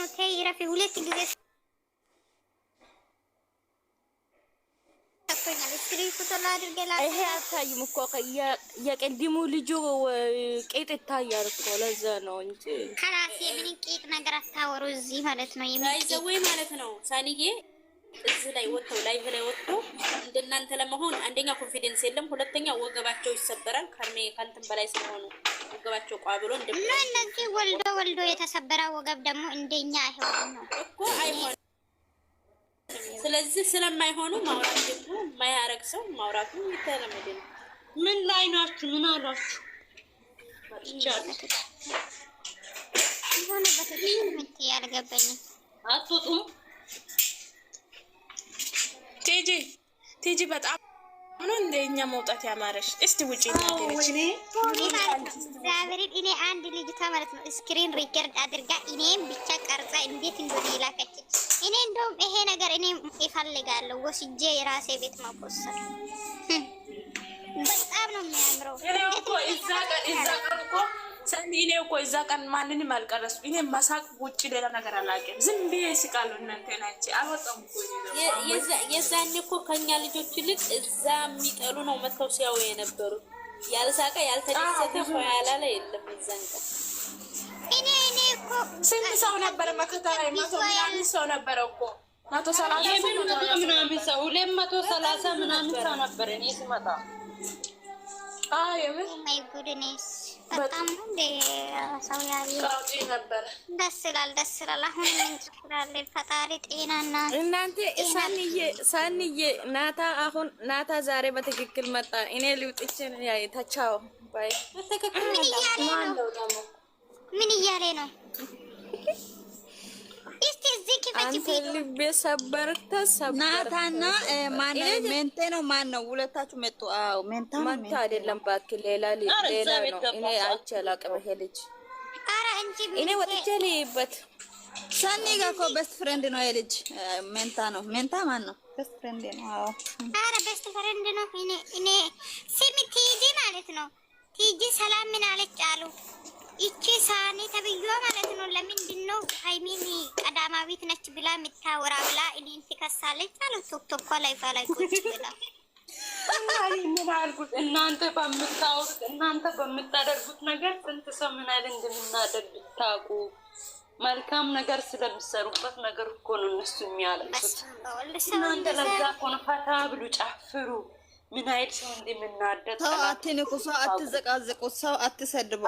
ነው። ተይ ረፊ ሁለት ጊዜ ይሄ አታይም እኮ የቅድሙ ልጁ ይታያል እኮ ለዛ ነው እንጂ ከራሴ ነገር አታወሩ እዚህ ማለት ነው ማለት ነው እዚህ ላይ ወጥተው ላይቭ ላይ ወጥቶ እንደናንተ ለመሆን አንደኛ ኮንፊደንስ የለም፣ ሁለተኛ ወገባቸው ይሰበራል። ከርሜ ከእንትን በላይ ስለሆኑ ወገባቸው ቋ ብሎ እና እነዚህ ወልዶ ወልዶ የተሰበረ ወገብ ደግሞ እንደኛ አይሆንም እኮ አይሆንም። ስለዚህ ስለማይሆኑ ማውራት ደግሞ የማያረግ ሰው ማውራቱ የተለመደ ነው። ምን ላይ ናችሁ? ምን አሏችሁ? ሆነ በትክክል ምት ያልገባኝም አትወጡም ቲጂ ቲጂ በጣም ምን እኛ መውጣት ያማረሽ። እስቲ ውጪ እግዚአብሔርን እኔ አንድ ልጅቷ ማለት ነው ስክሪን ሪከርድ አድርጋ እኔም ብቻ ቀርጻ እንዴት እንደሆነ የላከች። እኔ እንደውም ይሄ ነገር እኔ ይፈልጋለሁ ወስጄ የራሴ ቤት ማቆሰል በጣም ነው የሚያምረው። እዛ ቀን እኮ እኔ እኮ እዛ ቀን ማንንም አልቀረሱ እኔ መሳቅ ውጭ ሌላ ነገር አላውቅም። ዝም ብዬ ስቃሉ እናንተ ናቸ አልወጣም። የዛኔ እኮ ከኛ ልጆች ይልቅ እዛ የሚጠሉ ነው መጥተው ሲያው የነበሩ ያልሳቀ ያልተደሰተ ያላለ የለም። እዛን ቀን ስንት ሰው ነበረ? መከታ ላይ መቶ ምናምን ሰው ነበረ እኮ መቶ ሰላሳ ምናምን ሰው ሁሌም መቶ ሰላሳ ምናምን ሰው ነበረ እኔ ስመጣ በጣም ነው ሰው ነበረ። ደስ ይላል፣ ደስ ይላል። አሁን ምን ችግር ፈጣሪ ጤናና እናንተ ሳንዬ ሳንዬ ናታ አሁን ናታ ዛሬ በትክክል መጣ። እኔ ልውጥችን ያይ ታቻው ባይ ምን እያለ ነው? ምን እያለ ነው? እስቲ እዚህ ክፈች። ልቤ ሰበርተ ናታና ማነው ሜንቴ ነው ማነው? Eh, ሁለታችሁ መጡ። አዎ ሜንታ መታ አይደለም ባክ፣ ሌላ ሌላ ነው። እኔ አይቼ አላቅም ይሄ ልጅ። ኧረ እንጂ እኔ ወጥቼ ልይበት። ሰኒ ጋር እኮ ቤስት ፍሬንድ ነው ይሄ ልጅ። eh, ሜንታ ነው ሜንታ ነው? ቤስት ፍሬንድ ነው። አዎ ኧረ ቤስት ፍሬንድ ነው። እኔ እኔ ስሚ ቲጂ ማለት ነው። ቲጂ ሰላም ምን አለች አሉ ይቺ ሳኒ ተብዬዋ ማለት ነው። ለምንድን ነው ሀይሚን ቀዳማዊት ነች ብላ የምታወራ ብላ እኔን ትከሳለች አለ ቶክቶኳ ላይ ላይ ቁጭ ብላ ምን አልኩት? እናንተ በምታወሩት እናንተ በምታደርጉት ነገር ስንት ሰው ምን አይነት እንደምናደርግ ብታውቁ መልካም ነገር ስለሚሰሩበት ነገር እኮ ነው እነሱ የሚያለሱት። እናንተ ለዛ እኮ ፈታ ብሉ ጨፍሩ ምን አይነት ሰው እንደምናደር ሰው አትንኩ፣ ሰው አትዘቃዝቁ፣ ሰው አትሰድቡ።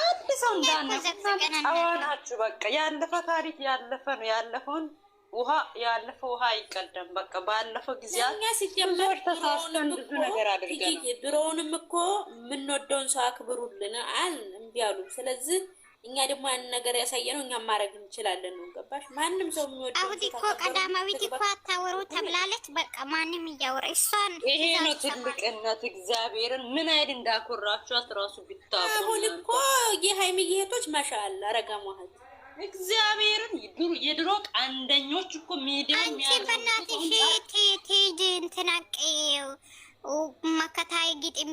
አንድ ሰው እንዳናችሁ በቃ ያለፈ ታሪክ ያለፈ ነው። ያለፈውን ውሃ ያለፈ ውሃ አይቀደም። በቃ ባለፈው ጊዜያት ብዙ ነገር አድርገን ድሮውንም እኮ የምንወደውን ሰው አክብሩልን አል እምቢ አሉ። ስለዚህ እኛ ደግሞ ያንን ነገር ያሳየ ነው። እኛም ማድረግ እንችላለን ነው። ገባሽ? ማንም ሰው የሚወደ አሁን እኮ ቀዳማዊት እኮ አታወሩ ተብላለች። በቃ ማንም እያወራ እሷን። ይሄ ነው ትልቅነት። እግዚአብሔርን ምን አይድ እንዳኮራችኋት ራሱ ቢታ አሁን እኮ የሀይሚ ጌቶች ማሻአላ ረገሟሃል። እግዚአብሔርን የድሮ አንደኞች እኮ ሚዲያ አንቺ በእናትሽ ቴጅ እንትናቅው መከታይ ግጥም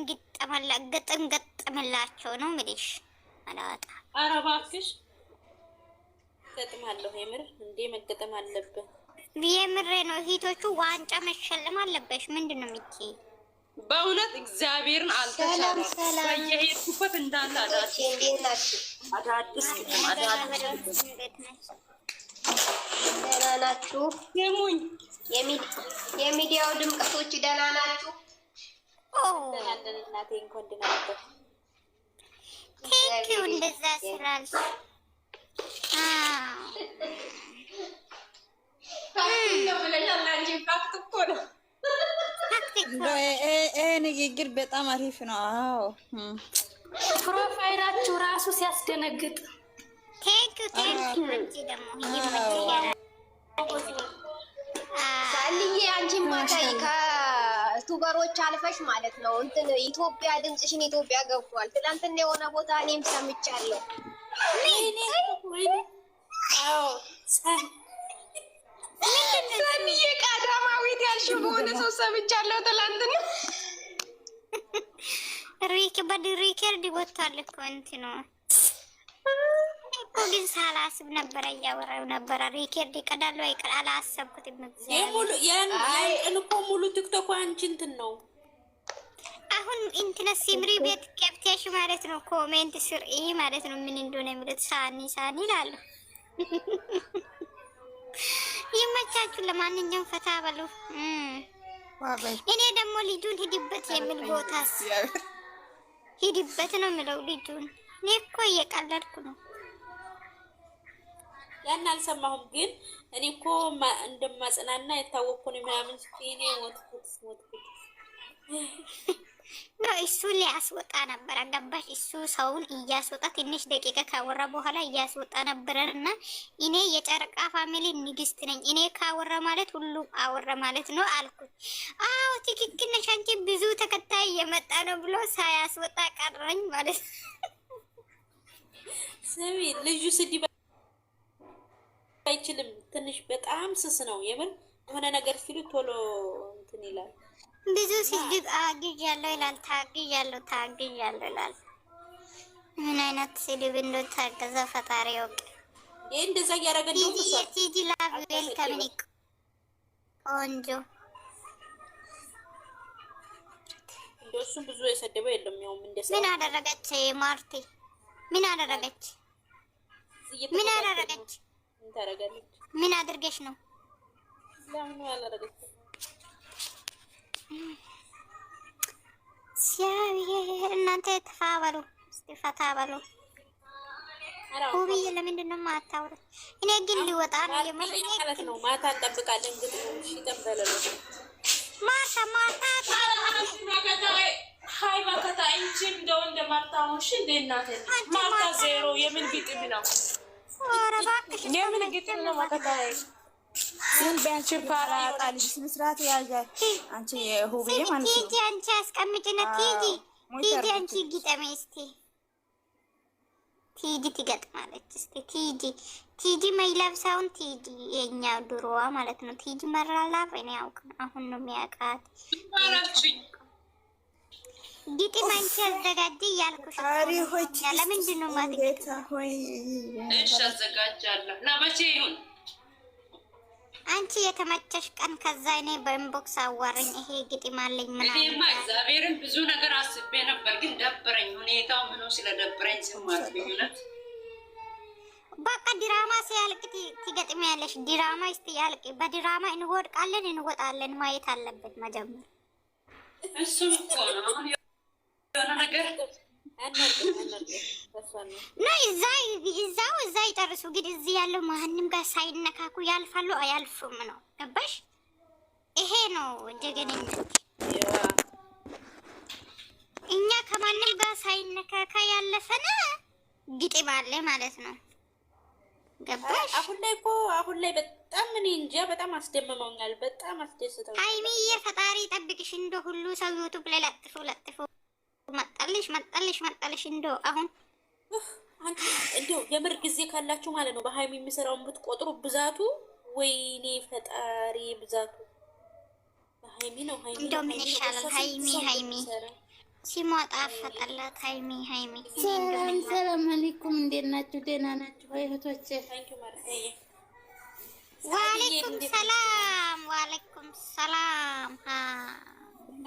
ግጥም ገጥምላቸው ነው ምልሽ አላወጣ ኧረ እባክሽ ገጥማለሁ። የምር እንዴ መገጠም አለብን። የምሬ ነው። ሂቶቹ ዋንጫ መሸለም አለበሽ። ምንድን ነው ሚኪ በእውነት እግዚአብሔርን አልተቻለም። በየሄድኩበት እንዳለ አዳዲስ ደህና ናችሁ? ስሙኝ፣ የሚዲያው ድምቀቶች ደህና ናችሁ? እናቴ እንኳን ደህና ናችሁ። ቴንኪው እንደዛ ስላልሽ ይሄ ንግግር በጣም አሪፍ ነው። አዎ ፕሮፋይላችሁ ራሱ ሲያስደነግጥ ደግሞ ዩቱበሮች አልፈሽ ማለት ነው እንትን ኢትዮጵያ ድምፅሽን ኢትዮጵያ ገብቷል። ትላንትና የሆነ ቦታ እኔም ሰምቻለሁ። ሰሚዬ ቀዳማዊት ያልሽው በሆነ ሰው ሰምቻለሁ ትላንትና። ሪክ በሪከርድ ወጥቷል እኮ እንትን ነው እኮ ግን ሳላስብ ነበረ እያወራሁ ነበረ። ሪኬርድ ይቀዳሉ አይቀር አላሰብኩትም። ያን ቀን እኮ ሙሉ ቲክቶክ አንቺ እንትን ነው አሁን እንትን ሲምሪ ቤት ገብተሽ ማለት ነው ኮሜንት ስር ይሄ ማለት ነው ምን እንደሆነ የሚሉት ሳኒ ሳኒ ይላሉ። ይመቻችሁ። ለማንኛውም ፈታ በሉ። እኔ ደግሞ ልጁን ሂድበት የሚል ቦታስ ሂድበት ነው የምለው ልጁን። እኔ እኮ እየቀለድኩ ነው። ያን አልሰማሁም። ግን እኔ እኮ እንደማጽናና የታወቅኩን ምናምን ኔ ሞትኩት ሞትኩት እሱ ሊያስወጣ ነበረ ገባሽ? እሱ ሰውን እያስወጣ ትንሽ ደቂቃ ካወራ በኋላ እያስወጣ ነበረ። እና እኔ የጨረቃ ፋሚሊ ንግስት ነኝ፣ እኔ ካወራ ማለት ሁሉም አወራ ማለት ነው አልኩት። አዎ ትክክል ነሽ አንቺ፣ ብዙ ተከታይ እየመጣ ነው ብሎ ሳያስወጣ ቀረኝ ማለት ነው። ስሚ ልዩ ስድብ አይችልም። ትንሽ በጣም ስስ ነው። የምን የሆነ ነገር ሲሉ ቶሎ እንትን ይላል። ብዙ ሲግግ አግዣለሁ ይላል። ታግዣለሁ ታግዣለሁ ይላል። ምን አይነት ስድብ እንደው ታገዘ ፈጣሪ ያውቅ። ይህ እንደዛ እያደረገ ቲጂ ቆንጆ እሱም ብዙ የሰደበ የለም። ያው ምን አደረገች ማርቲ? ምን አደረገች? ምን አደረገች? ምን አድርገሽ ነው? ለምን አላደረገችም? እግዚአብሔር እናንተ ተፋ በሉ፣ እስኪ ፈታ በሉ። ውብዬ ለምንድን ነው እኔ ግን ሊወጣ ነው ማለት ነው። ማታ እንጠብቃለን። ማታ ማታ ሀይ እንጂ እንደው እንደ እናቴ ዜሮ የምን ነው የምን ግጥም ነው? ማጠቃላይ ግን ቢያንቺ ፓራ ጣልሽ ስነ ስርዓት ያዛል። አንቺ ሁብዬ ማለት ነው። ቲጂ አንቺ አስቀምጪና ቲጂ ቲጂ አንቺ ግጠሜ እስቲ ቲጂ ትገጥማለች እስቲ ቲጂ ቲጂ ማይለብሳውን ቲጂ የኛ ድሮዋ ማለት ነው። ቲጂ መራላፍ እኔ አውቅ አሁን ነው የሚያውቃት ግጥም አንቺ አዘጋጅ እያልኩሽ ለምንድን ነው አዘጋጃለሁ። ና መቼ ይሁን አንቺ የተመቸሽ ቀን፣ ከዛ እኔ በኢንቦክስ አዋረኝ። ይሄ ግጥም አለኝ ምናምን። እኔማ እግዚአብሔርን ብዙ ነገር አስቤ ነበር፣ ግን ደበረኝ። ሁኔታው ምኑ ስለደበረኝ ስማት በቃ ድራማ ሲያልቅ ትገጥሚ ያለሽ ድራማ እስቲ ያልቅ። በድራማ እንወድቃለን እንወጣለን ማየት አለበት መጀመር እሱ እኮ ነው። እዛው እዛ ይጨርሱ። እንግዲህ እዚህ ያለው ማንም ጋር ሳይነካኩ ያልፋሉ። አያልፉም ነው ገባሽ? ይሄ ነው ጀግንነት። እኛ ከማንም ጋር ሳይነካካ ያለፈን ግጥም አለ ማለት ነው ገባሽ? አሁን ላይ እኮ አሁን ላይ በጣም እኔ እንጃ በጣም አስደምመውኛል። በጣም አስደስተው። ሀይሚዬ ፈጣሪ ጠብቅሽ። እንደ ሁሉ ሰው ዩቱብ ላይ ለጥፎ ለጥፎ መጣልሽ መጣልሽ መጣልሽ። እንደው አሁን እንደው የምር ጊዜ ካላችሁ ማለት ነው በሀይሚ የሚሰራውን ብትቆጥሩ ብዛቱ፣ ወይኔ ፈጣሪ ብዛቱ በሀይሚ ነው። ሀይሚ እንደው ምን ይሻላል? ሀይሚ ሀይሚ ሲሞጣ አፈጠላት። ሀይሚ ሀይሚ። ሰላም ሰላም አለይኩም፣ እንዴት ናችሁ? ደህና ናችሁ? እህቶቼ ዋለይኩም ሰላም ዋለይኩም ሰላም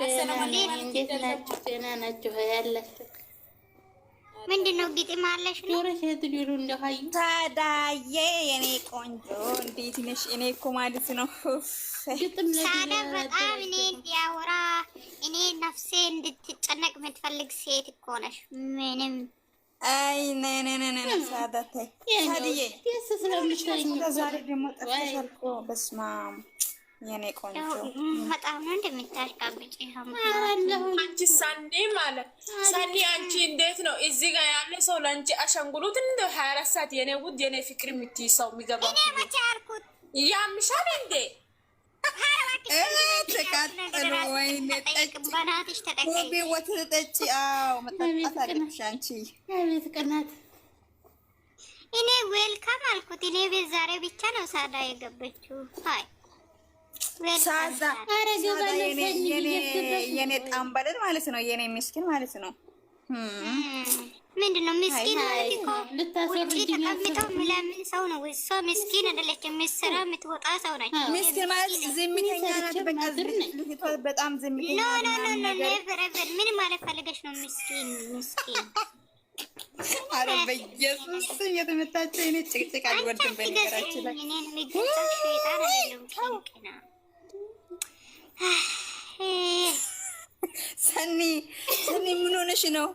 እንዴት ናችሁ? ምንድን ነው? ግጥም አለሽ ነው ታዳዬ? የኔ ቆንጆ እንዴት ነሽ? እኔ እኮ ማለት ነው ሳዳ በጣም እኔ እንዲያወራ እኔ ነፍሴ እንድትጨነቅ የምትፈልግ ሴት እኮ ነሽ። ምንም አይ ሳዳ ተይ፣ ሳድዬ ዛሬ ደግሞ ጠፍተሻል እኮ በስመ አብ የኔ ቆንጆ በጣም ነው እንደምታሽቃብጭ። አንቺ ሳንዴ ማለት ሳንዴ አንቺ እንዴት ነው እዚህ ጋር ያለ ሰው ለአንቺ አሻንጉሉት እንደ ሀያ አራት ሰዓት የኔ ውድ የኔ ፍቅር የምትይ ሰው የሚገባ ያምሻል እንዴ? ተቃጠሉ። ወይኔ ጠጪ፣ ወተት ጠጪ። አዎ መጠጣት አለብሽ አንቺ። አቤት ቅናት እኔ ዌልካም አልኩት። እኔ ቤት ዛሬ ብቻ ነው ሳዳ የገበችው። ሀይ የኔ ጣምበለል ማለት ነው። የኔ ምስኪን ማለት ነው። ምንድን ነው ምስኪን ውጭ ተቀምጠው ምለምን ሰው ነው። እሷ ምስኪን አይደለችም። ምስራ የምትወጣ ሰው ነች። ምስኪን ማለት ዝምተኛ ናት። በጣም ዝምተኛ ኖ ኖ ኖ ኖ ምን ማለት ፈልገሽ ነው? ምስኪን ምስኪን አረ በኢየሱስ ስም የተመታቸው የእኔ ጭቅጭቅ አልወድም። በነገራችን ላይ ሰኒ ሰኒ ምን ሆነሽ ነው?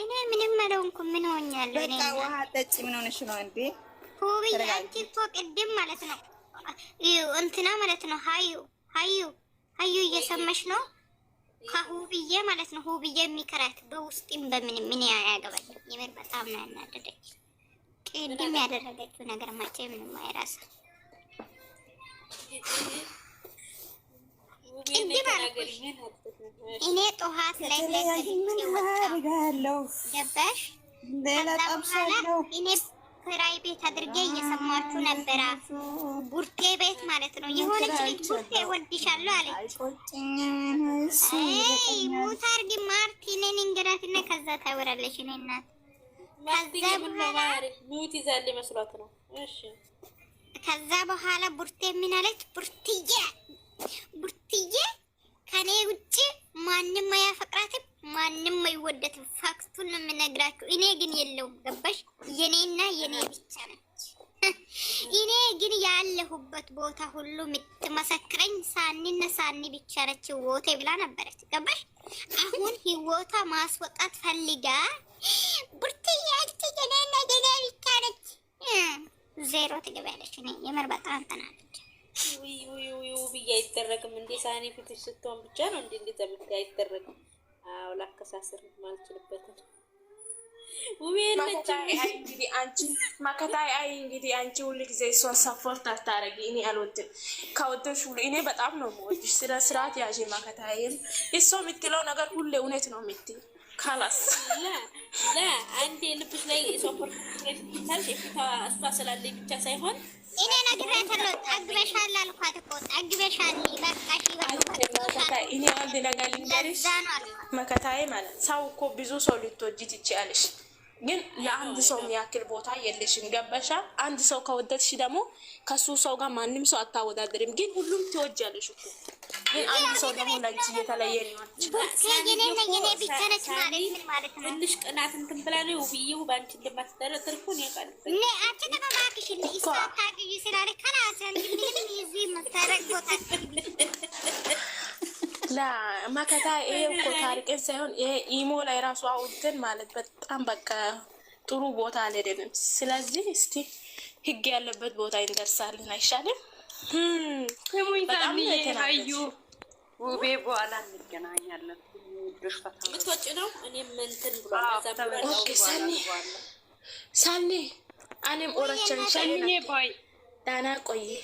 እኔ ምንም አልሆንኩም። ምን ሆኛለሁ? በቃ ውሃ ጠጪ። ምን ሆነሽ ነው እንዴ? ሁብዬ አንቺ እኮ ቅድም ማለት ነው እንትና ማለት ነው ሀዩ ሀዩ ሀዩ እየሰማሽ ነው ከሁብዬ ማለት ነው። ሁብዬ የሚከራት በውስጥም በምን ምን ያገባል። የምር በጣም ነው ያናደደች። ቅድም ያደረገችው ነገር ማቼ ምንም አይራሳ እኔ ጠዋት ላይ ገባሽ ኪራይ ቤት አድርጌ እየሰማችሁ ነበረ። ቡርቴ ቤት ማለት ነው። የሆነች ልጅ ቡርቴ እወድሻለሁ አለች። አይ ሙት አድርጊ ማርቲ፣ እኔን እንገዳትና ከዛ ታወራለች። እኔ እናት ከዛ ነው። ከዛ በኋላ ቡርቴ ምን አለች? ቡርትዬ ቡርትዬ ከኔ ውጭ ማንም አያፈቅራትም ማንም አይወደት ፋክቱን ነው የምነግራችሁ። እኔ ግን የለውም ገባሽ? የኔና የኔ ብቻ ነች። እኔ ግን ያለሁበት ቦታ ሁሉ የምትመሰክረኝ ሳኒና ሳኒ ብቻ ነች። ወቴ ብላ ነበረች። ገባሽ? አሁን ህይወቷ ማስወጣት ፈልጋ ቡርትዬ ገና ገና ብቻ ነች። ዜሮ ትገባለች። እኔ የምር በጣም ተናለች። ውይ ውይ ውይ ብዬ አይደረግም እንዴ! ሳኒ ፊትሽ ስትሆን ብቻ ነው እንዴ! እንዴ እንዴት አይደረግም አዎ ላከሳስር ማልችልበትን መከታይ አይ እንግዲህ አንቺ ሁሉ ጊዜ እሷን ሰፖርት አታረጊ። እኔ አልወድም። ከወደድሽ ሁሉ እኔ በጣም ነው የምወድሽ። ስለ ስርዓት ያዥ መከታይም እሷ የምትለው ነገር ሁሌ እውነት ነው የምትል ካላስ አንዴ የልብሽ ላይ ሶፖርት እሷ ስላለኝ ብቻ ሳይሆን እኔ ነግሬያታለሁ። ጠግበሻል አልኳት እኮ ጠግበሻል፣ በቃሽ እኔ አንድ ነገር መከታዬ ማለት ሰው እኮ ብዙ ሰው ልትወጂ ትችያለሽ ግን የአንድ ሰው የሚያክል ቦታ የለሽም። ገበሻ አንድ ሰው ከወደድሽ ደግሞ ከሱ ሰው ጋር ማንም ሰው አታወዳደርም። ግን ሁሉም ትወጃለሽ እኮ ግን አንድ ሰው ደግሞ ለአንቺ እየተለየ ትንሽ ቅናት እንትን ብላ ነው ውብዬው በአንቺ እንደማትደረግ ትርፉን ያውቃል እኮ መከታ ይሄ እኮ ታሪቅን ሳይሆን ይሄ ኢሞ ላይ ራሱ አውጥተን ማለት በጣም በቃ ጥሩ ቦታ አልሄደንም። ስለዚህ እስቲ ህግ ያለበት ቦታ ይንደርሳልን አይሻልም? ሙይዛሚዩ ውቤ በኋላ እንገናኛለን። ልትወጪ ነው? እኔም እንትን ብሏል ሳኒ እኔም ኦረቸን ሻኒ ዳና ቆይ